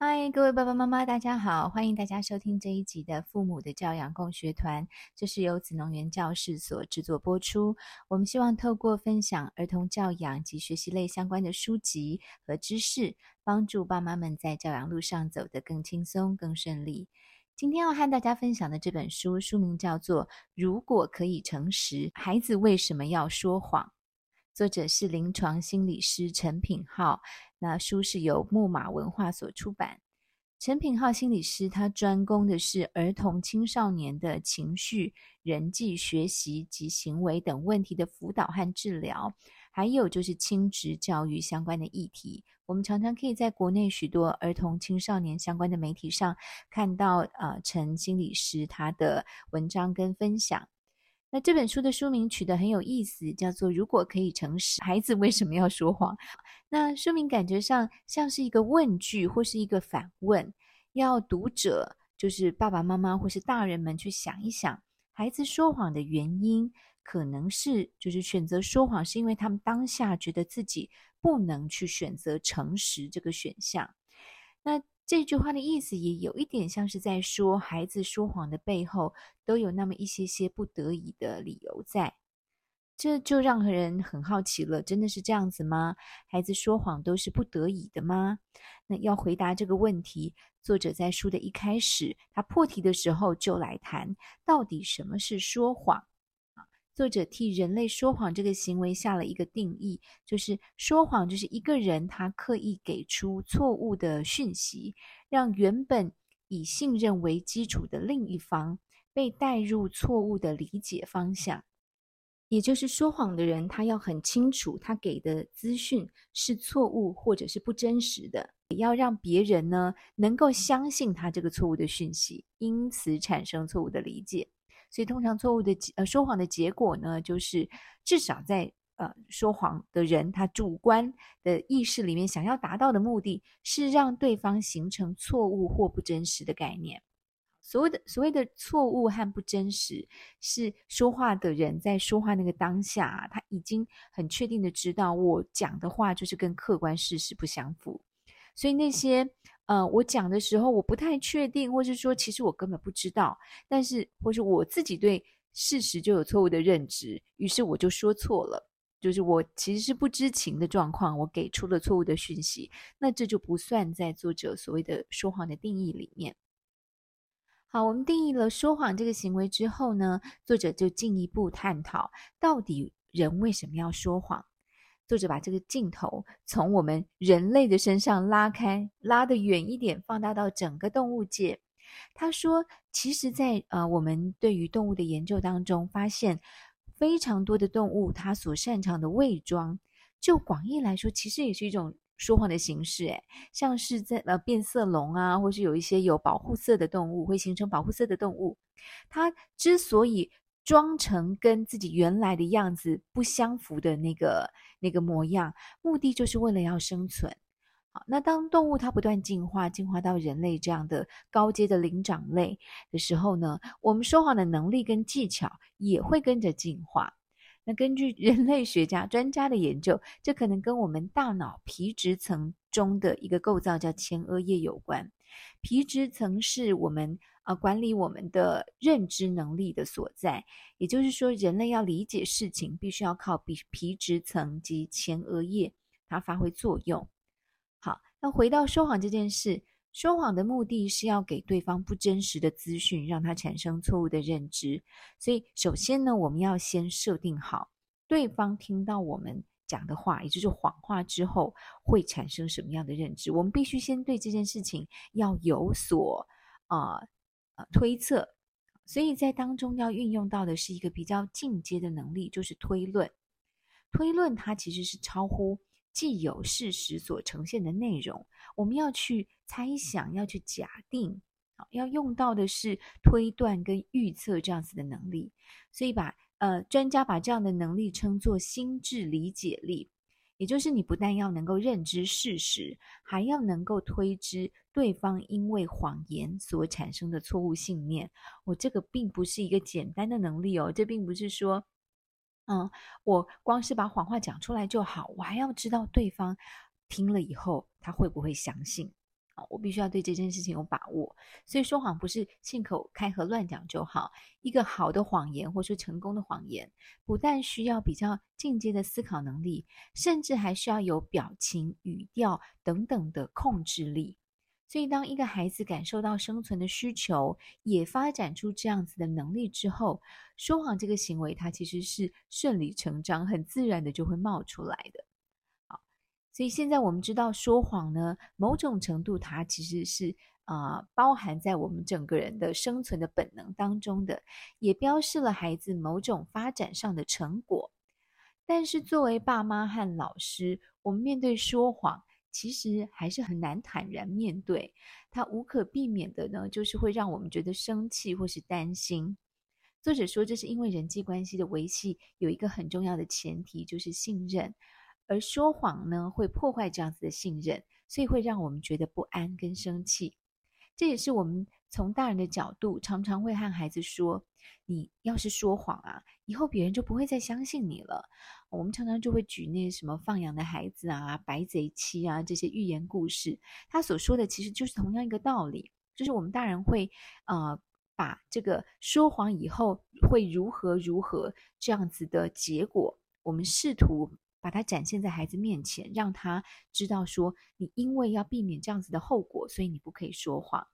嗨，Hi, 各位爸爸媽媽，大家好！歡迎大家收聽這一集的《父母的教養共學團》，這是由子穠園教室所製作播出。我們希望透過分享兒童教養及學習類相關的書籍和知識，幫助爸媽們在教養路上走得更輕鬆、更順利。今天要和大家分享的這本書，書名叫做《如果可以誠實》，孩子為什麼要說謊？作者是臨床心理師陳品浩。那書是由木馬文化所出版。陳品浩心理師，他專攻的是兒童、青少年的情緒、人際、學習及行為等問題的輔導和治療，還有就是親職教育相關的議題。我們常常可以在國內許多兒童、青少年相關的媒體上看到，呃，陳心理師他的文章跟分享。那這本書的書名取得很有意思，叫做《如果可以誠實，孩子為什麼要說謊》？那書名感覺上像是一個問句或是一個反問，要讀者，就是爸爸媽媽或是大人們去想一想，孩子說謊的原因可能是，就是選擇說謊，是因為他們當下覺得自己不能去選擇誠實這個選項。那。這句話的意思也有一點像是在說，孩子說謊的背後都有那麼一些些不得已的理由在，這就讓人很好奇了。真的是這樣子嗎？孩子說謊都是不得已的嗎？那要回答這個問題，作者在書的一開始，他破題的時候就來談，到底什麼是說謊？作者替人類說謊這個行為下了一個定義，就是說謊就是一個人他刻意給出錯誤的訊息，讓原本以信任為基礎的另一方被帶入錯誤的理解方向。也就是說謊的人，他要很清楚他給的資訊是錯誤或者是不真實的，也要讓別人呢能夠相信他這個錯誤的訊息，因此產生錯誤的理解。所以，通常錯誤的呃說謊的結果呢，就是至少在呃說謊的人他主觀的意識裡面，想要達到的目的是讓對方形成錯誤或不真實的概念。所謂的所謂的錯誤和不真實，是說話的人在說話那個當下，他已經很確定的知道我講的話就是跟客觀事實不相符。所以那些呃，我講的時候我不太確定，或是說其實我根本不知道，但是或是我自己對事實就有錯誤的認知，於是我就說錯了，就是我其實是不知情的狀況，我給出了錯誤的訊息，那這就不算在作者所謂的說謊的定義裡面。好，我們定義了說謊這個行為之後呢，作者就進一步探討到底人為什麼要說謊。作者把這個鏡頭從我們人類的身上拉開，拉得遠一點，放大到整個動物界。他說，其實在，在呃我們對於動物的研究當中，發現非常多的動物，它所擅長的偽裝，就廣義來說，其實也是一種說謊的形式。哎，像是在呃變色龍啊，或是有一些有保護色的動物，會形成保護色的動物，它之所以。裝成跟自己原來的樣子不相符的那個那個模樣，目的就是為了要生存。好，那當動物它不斷進化，進化到人類這樣的高階的靈長類的時候呢，我們說謊的能力跟技巧也會跟着進化。那根據人類學家專家的研究，這可能跟我們大腦皮質層中的一個構造叫前額葉有關。皮質層是我們啊管理我們的認知能力的所在，也就是說，人類要理解事情，必須要靠皮皮質層及前額葉它發揮作用。好，那回到說謊這件事，說謊的目的是要給對方不真實的資訊，讓他產生錯誤的認知。所以，首先呢，我們要先設定好，對方聽到我們。講的話，也就是謊話之後會產生什麼樣的認知？我們必須先對這件事情要有所啊呃、呃推測，所以在當中要運用到的是一個比較進階的能力，就是推論。推論它其實是超乎既有事實所呈現的內容，我們要去猜想，要去假定，啊，要用到的是推斷跟預測這樣子的能力，所以把。呃，專家把這樣的能力稱作心智理解力，也就是你不但要能夠認知事實，還要能夠推知對方因為謊言所產生的錯誤信念。我、哦、這個並不是一個簡單的能力哦，這並不是說，嗯，我光是把謊話講出來就好，我還要知道對方聽了以後他會不會相信。我必須要對這件事情有把握，所以說謊不是信口開河亂講就好。一個好的謊言，或者說成功的謊言，不但需要比較進階的思考能力，甚至還需要有表情、語調等等的控制力。所以，當一個孩子感受到生存的需求，也發展出這樣子的能力之後，說謊這個行為，它其實是順理成章、很自然的就會冒出來的。所以現在我們知道，說謊呢，某種程度它其實是啊、呃，包含在我們整個人的生存的本能當中的，也標示了孩子某種發展上的成果。但是作為爸媽和老師，我們面對說謊，其實還是很難坦然面對。它無可避免的呢，就是會讓我們覺得生氣或是擔心。作者說，這是因為人際關係的維繫有一個很重要的前提，就是信任。而說謊呢，會破壞這樣子的信任，所以會讓我們覺得不安跟生氣。這也是我們從大人的角度，常常會和孩子說：“你要是說謊啊，以後別人就不會再相信你了。”我們常常就會舉那些什麼放羊的孩子啊、白賊七啊這些寓言故事，他所說的其實就是同樣一個道理，就是我們大人會啊、呃、把這個說謊以後會如何如何這樣子的結果，我們試圖。把它展現在孩子面前，讓他知道說，你因為要避免這樣子的後果，所以你不可以說謊。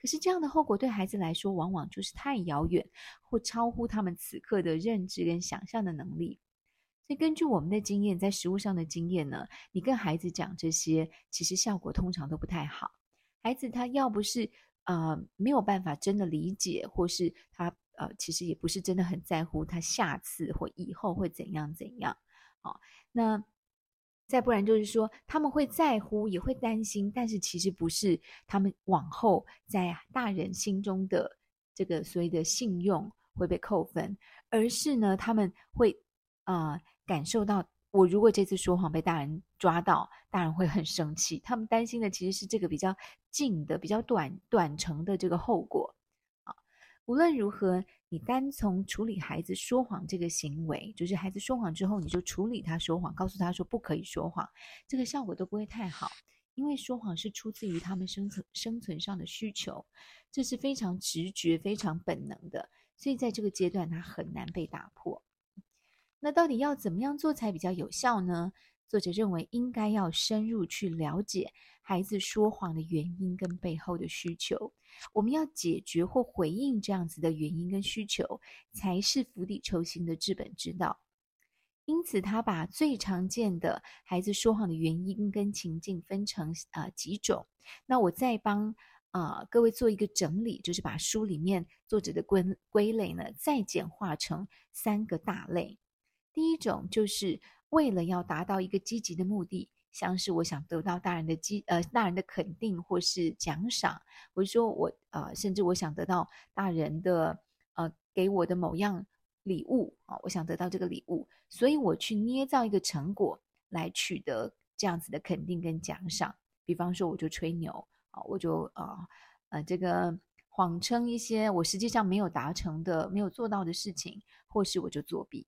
可是這樣的後果對孩子來說，往往就是太遙遠，或超乎他們此刻的認知跟想象的能力。所以根據我們的經驗，在實務上的經驗呢，你跟孩子講這些，其實效果通常都不太好。孩子他要不是呃沒有辦法真的理解，或是他呃其實也不是真的很在乎，他下次或以後會怎樣怎樣。啊、哦，那再不然就是說，他們會在乎，也會擔心，但是其實不是他們往後在大人心中的這個所謂的信用會被扣分，而是呢，他們會啊、呃、感受到，我如果這次說謊被大人抓到，大人會很生氣。他們擔心的其實是這個比較近的、比較短短程的這個後果。無論如何，你單從處理孩子說謊這個行為，就是孩子說謊之後，你就處理他說謊，告訴他說不可以說謊，這個效果都不會太好，因為說謊是出自於他們生存生存上的需求，這是非常直覺、非常本能的，所以在這個階段，它很難被打破。那到底要怎麼樣做才比較有效呢？作者認為應該要深入去了解孩子說謊的原因跟背後的需求，我們要解決或回應這樣子的原因跟需求，才是釜底抽薪的治本之道。因此，他把最常見的孩子說謊的原因跟情境分成啊、呃、幾種。那我再幫啊、呃、各位做一個整理，就是把書裡面作者的歸歸類呢，再簡化成三個大類。第一種就是。為了要達到一個積極的目的，像是我想得到大人的積呃大人的肯定或是獎賞，或是說我呃甚至我想得到大人的呃給我的某樣禮物啊、呃，我想得到這個禮物，所以我去捏造一個成果來取得這樣子的肯定跟獎賞。比方說，我就吹牛啊、呃，我就啊呃、呃這個謊稱一些我實際上沒有達成的、沒有做到的事情，或是我就作弊。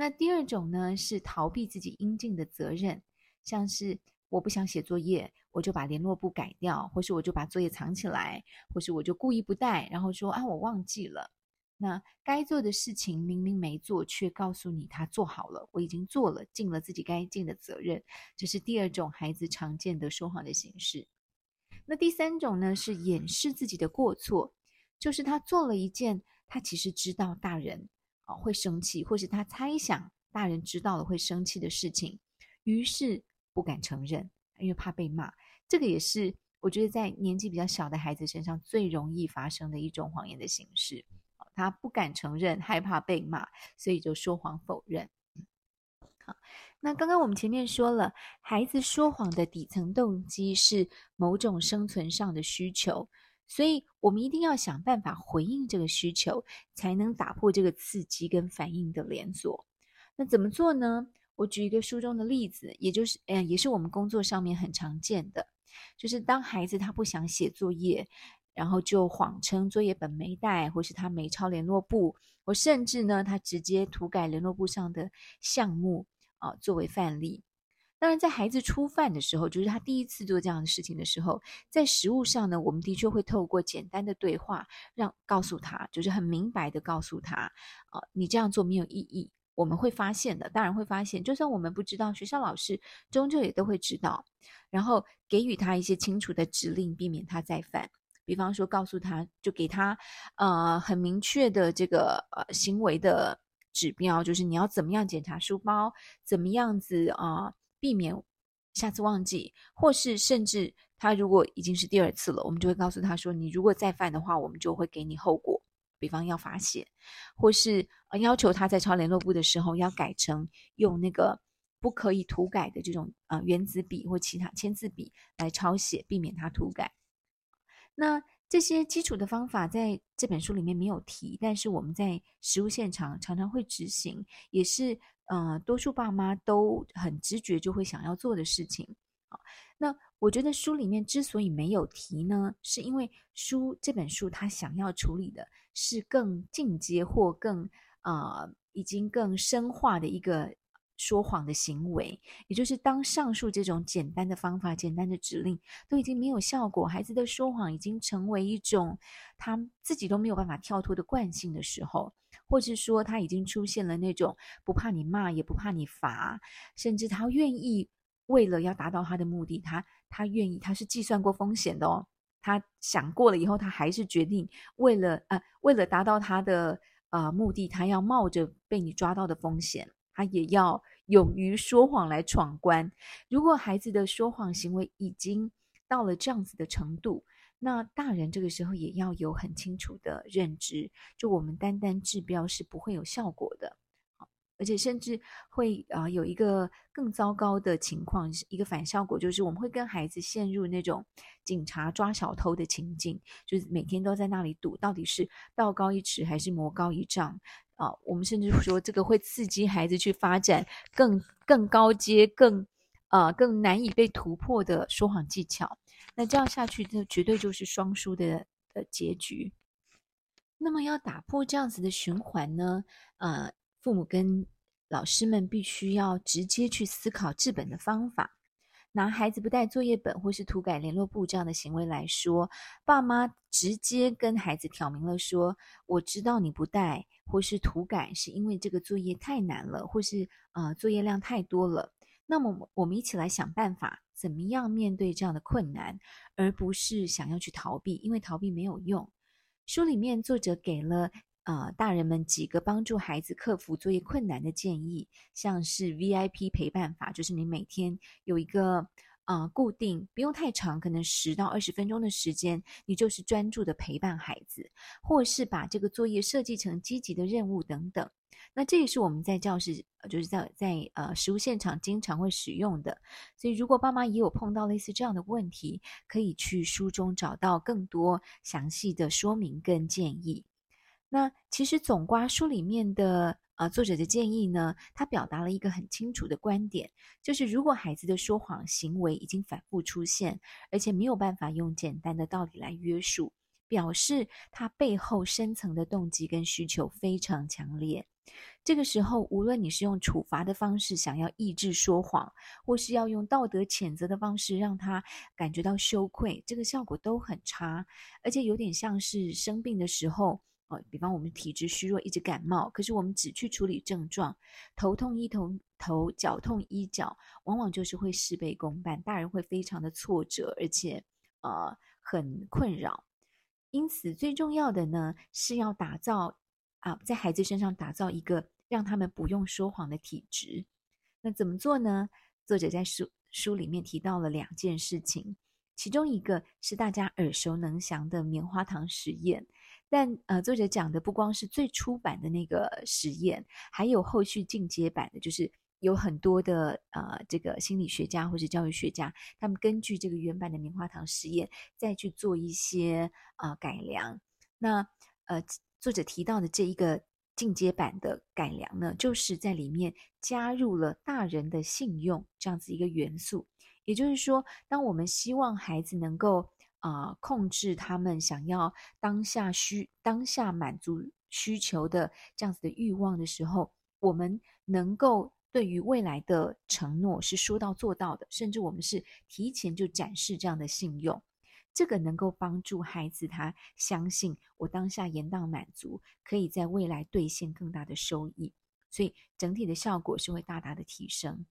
那第二種呢，是逃避自己應盡的責任，像是我不想寫作業，我就把聯絡簿改掉，或是我就把作業藏起來，或是我就故意不帶，然後說啊我忘記了。那該做的事情明明沒做，卻告訴你他做好了，我已經做了，盡了自己該盡的責任。這是第二種孩子常見的說謊的形式。那第三種呢，是掩飾自己的過錯，就是他做了一件他其實知道大人，呃，會生氣，或是他猜想大人知道了會生氣的事情，於是不敢承認，因為怕被罵。這個也是我覺得在年紀比較小的孩子身上最容易發生的一種謊言的形式。他不敢承認，害怕被罵，所以就說謊否認。好，那剛剛我們前面說了，孩子說謊的底層動機是某種生存上的需求。所以我們一定要想辦法回應這個需求，才能打破這個刺激跟反應的連鎖。那怎麼做呢？我舉一個書中的例子，也就是，嗯，也是我們工作上面很常見的，就是當孩子他不想寫作業，然後就謊稱作業本沒帶，或是他沒抄聯絡簿，或甚至呢，他直接塗改聯絡簿上的項目，啊，作為範例。當然，在孩子初犯的時候，就是他第一次做這樣的事情的時候，在實務上呢，我們的確會透過簡單的對話，讓告訴他，就是很明白的告訴他，啊、呃，你這樣做沒有意義，我們會發現的。當然會發現，就算我們不知道，學校老師終究也都會知道，然後給予他一些清楚的指令，避免他再犯。比方說，告訴他就給他，呃，很明確的這個呃行為的指標，就是你要怎麼樣檢查書包，怎麼樣子啊。呃避免下次忘記，或是甚至他如果已經是第二次了，我們就會告訴他說：“你如果再犯的話，我們就會給你後果，比方要罰寫，或是呃要求他在抄聯絡簿的時候要改成用那個不可以塗改的這種啊原子筆或其他簽字筆來抄寫，避免他塗改。”那這些基礎的方法在這本書裡面沒有提，但是我們在實務現場常常會執行，也是。呃，多數爸媽都很直覺就會想要做的事情。啊，那我覺得書裡面之所以沒有提呢，是因為書這本書他想要處理的是更進階或更，呃，已經更深化的一個說謊的行為。也就是當上述這種簡單的方法、簡單的指令都已經沒有效果，孩子的說謊已經成為一種他自己都沒有辦法跳脫的慣性的時候。或是說他已經出現了那種不怕你罵也不怕你罰，甚至他願意為了要達到他的目的，他他願意他是計算過風險的，哦。他想過了以後，他還是決定為了啊、呃、為了達到他的啊、呃、目的，他要冒着被你抓到的風險，他也要勇於說謊來闖關。如果孩子的說謊行為已經到了這樣子的程度，那大人這個時候也要有很清楚的認知，就我們單單治標是不會有效果的，而且甚至會啊、呃、有一個更糟糕的情況，一個反效果就是我們會跟孩子陷入那種警察抓小偷的情景，就是每天都在那裡賭，到底是道高一尺還是魔高一丈啊、呃？我們甚至說這個會刺激孩子去發展更更高階、更啊、呃、更難以被突破的說謊技巧。那這樣下去，就絕對就是雙輸的的，呃，結局。那麼要打破這樣子的循環呢？呃，父母跟老師們必須要直接去思考治本的方法。拿孩子不帶作業本或是塗改聯絡簿這樣的行為來說，爸媽直接跟孩子挑明了說：“我知道你不帶或是塗改，是因為這個作業太難了，或是呃作業量太多了。”那麼我們一起來想辦法，怎麼樣面對這樣的困難，而不是想要去逃避，因為逃避沒有用。書裡面作者給了呃大人們幾個幫助孩子克服作業困難的建議，像是 VIP 陪伴法，就是你每天有一個。啊、嗯，固定不用太長，可能十到二十分鐘的時間，你就是專注的陪伴孩子，或是把這個作業設計成積極的任務等等。那這也是我們在教室，就是在在呃實務現場經常會使用的。所以，如果爸媽也有碰到類似這樣的問題，可以去書中找到更多詳細的說明跟建議。那其實總括書裡面的呃作者的建議呢，他表達了一個很清楚的觀點，就是如果孩子的說謊行為已經反覆出現，而且沒有辦法用簡單的道理來約束，表示他背後深層的動機跟需求非常強烈。這個時候，無論你是用處罰的方式想要抑制說謊，或是要用道德譴責的方式讓他感覺到羞愧，這個效果都很差，而且有點像是生病的時候。哦，比方我們體質虛弱，一直感冒，可是我們只去處理症狀，頭痛醫頭，頭腳痛醫腳，往往就是會事倍功半，大人會非常的挫折，而且呃很困擾。因此最重要的呢，是要打造啊，在孩子身上打造一個讓他們不用說謊的體質。那怎麼做呢？作者在書書裡面提到了兩件事情，其中一個是大家耳熟能詳的棉花糖實驗。但呃，作者講的不光是最初版的那個實驗，還有後續進階版的，就是有很多的呃，這個心理學家或者教育學家，他們根據這個原版的棉花糖實驗，再去做一些啊、呃、改良。那呃，作者提到的這一個進階版的改良呢，就是在裡面加入了大人的信用這樣子一個元素。也就是說，當我們希望孩子能夠。啊，控制他們想要當下需當下滿足需求的這樣子的欲望的時候，我們能夠對於未來的承諾是說到做到的，甚至我們是提前就展示這樣的信用，這個能夠幫助孩子他相信我當下延宕滿足，可以在未來兌現更大的收益，所以整體的效果是會大大的提升。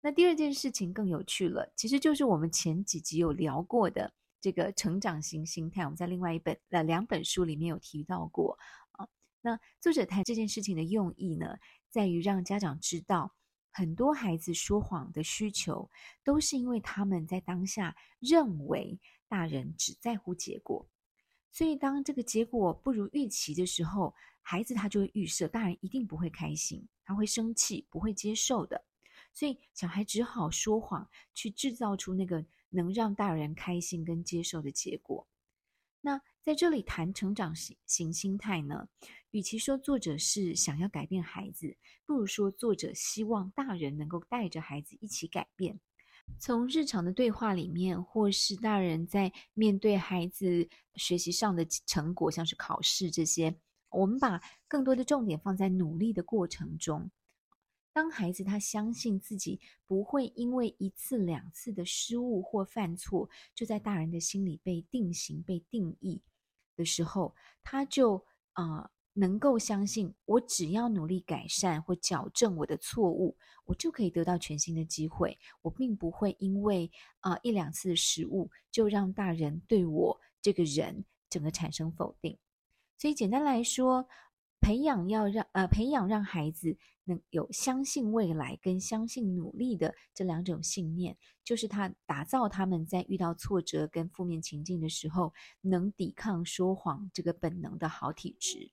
那第二件事情更有趣了，其實就是我們前幾集有聊過的。這個成長型心態，我們在另外一本、呃、兩本書裡面有提到過啊。那作者談這件事情的用意呢，在於讓家長知道，很多孩子說謊的需求，都是因為他們在當下認為大人只在乎結果，所以當這個結果不如預期的時候，孩子他就會預設大人一定不會開心，他會生氣，不會接受的，所以小孩只好說謊去製造出那個。能讓大人開心跟接受的結果，那在這裡談成長型型心態呢，與其說作者是想要改變孩子，不如說作者希望大人能夠帶着孩子一起改變。從日常的對話裡面，或是大人在面對孩子學習上的成果，像是考試這些，我們把更多的重點放在努力的過程中。當孩子他相信自己不會因為一次兩次的失誤或犯錯，就在大人的心裡被定型、被定義的時候，他就啊、呃、能夠相信，我只要努力改善或矯正我的錯誤，我就可以得到全新的機會。我並不會因為啊、呃、一兩次的失誤，就讓大人對我這個人整個產生否定。所以簡單來說。培養要讓呃培養讓孩子能有相信未來跟相信努力的這兩種信念，就是他打造他們在遇到挫折跟負面情境的時候，能抵抗說謊這個本能的好體質。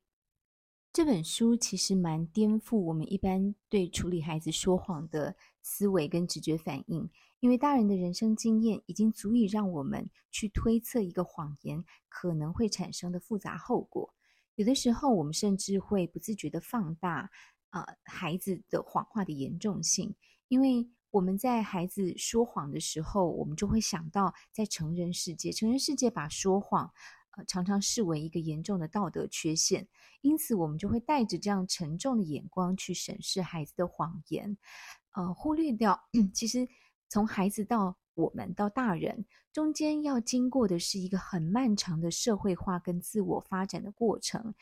這本書其實蠻顛覆我們一般對處理孩子說謊的思維跟直覺反應，因為大人的人生經驗已經足以讓我們去推測一個謊言可能會產生的複雜後果。有的時候，我們甚至會不自覺地放大，呃，孩子的謊話的嚴重性，因為我們在孩子說謊的時候，我們就會想到在成人世界，成人世界把說謊，呃，常常視為一個嚴重的道德缺陷，因此我們就會帶着這樣沉重的眼光去審視孩子的謊言，呃，忽略掉，其實從孩子到。我們到大人中間要經過的是一個很漫長的社會化跟自我發展的過程。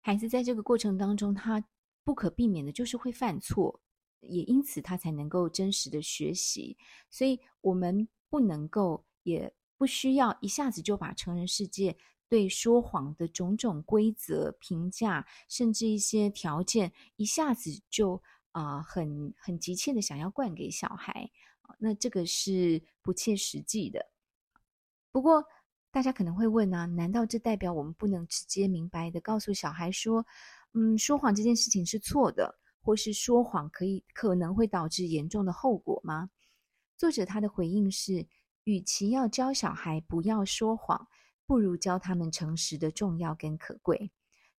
孩子在這個過程當中，他不可避免的就是會犯錯，也因此他才能夠真實的學習。所以，我們不能夠，也不需要一下子就把成人世界對說謊的種種規則、評價，甚至一些條件，一下子就啊、呃，很很急切的想要灌給小孩。那這個是不切實際的。不過，大家可能會問呢、啊：難道這代表我們不能直接明白的告訴小孩說，嗯，說謊這件事情是錯的，或是說謊可以可能會導致嚴重的後果嗎？作者他的回應是：與其要教小孩不要說謊，不如教他們誠實的重要跟可貴。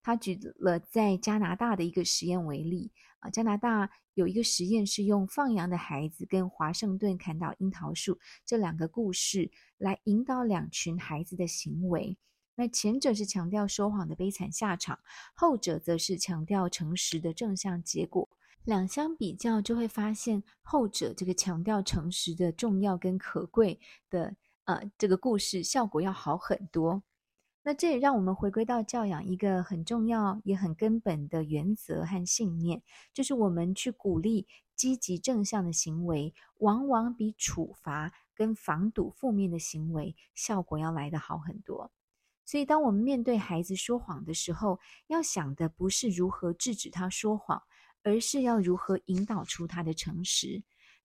他舉了在加拿大的一個實驗為例，啊，加拿大有一個實驗是用放羊的孩子跟華盛頓砍倒櫻桃樹這兩個故事來引導兩群孩子的行為。那前者是強調說謊的悲慘下場，後者則是強調誠實的正向結果。兩相比較，就會發現後者這個強調誠實的重要跟可貴的，呃，這個故事效果要好很多。那這也讓我們回歸到教養一個很重要也很根本的原則和信念，就是我們去鼓勵積極正向的行為，往往比處罰跟防堵負面的行為效果要來得好很多。所以，當我們面對孩子說謊的時候，要想的不是如何制止他說謊，而是要如何引導出他的誠實。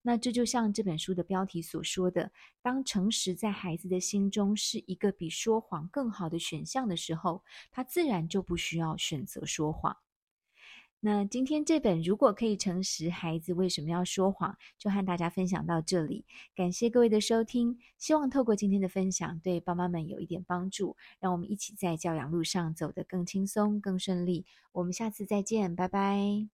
那這就像這本書的標題所說的，當誠實在孩子的心中是一個比說謊更好的選項的時候，他自然就不需要選擇說謊。那今天這本《如果可以誠實，孩子為什麼要說謊》就和大家分享到這裡，感謝各位的收聽，希望透過今天的分享，對爸媽們有一點幫助，讓我們一起在教養路上走得更輕鬆、更順利。我們下次再見，拜拜。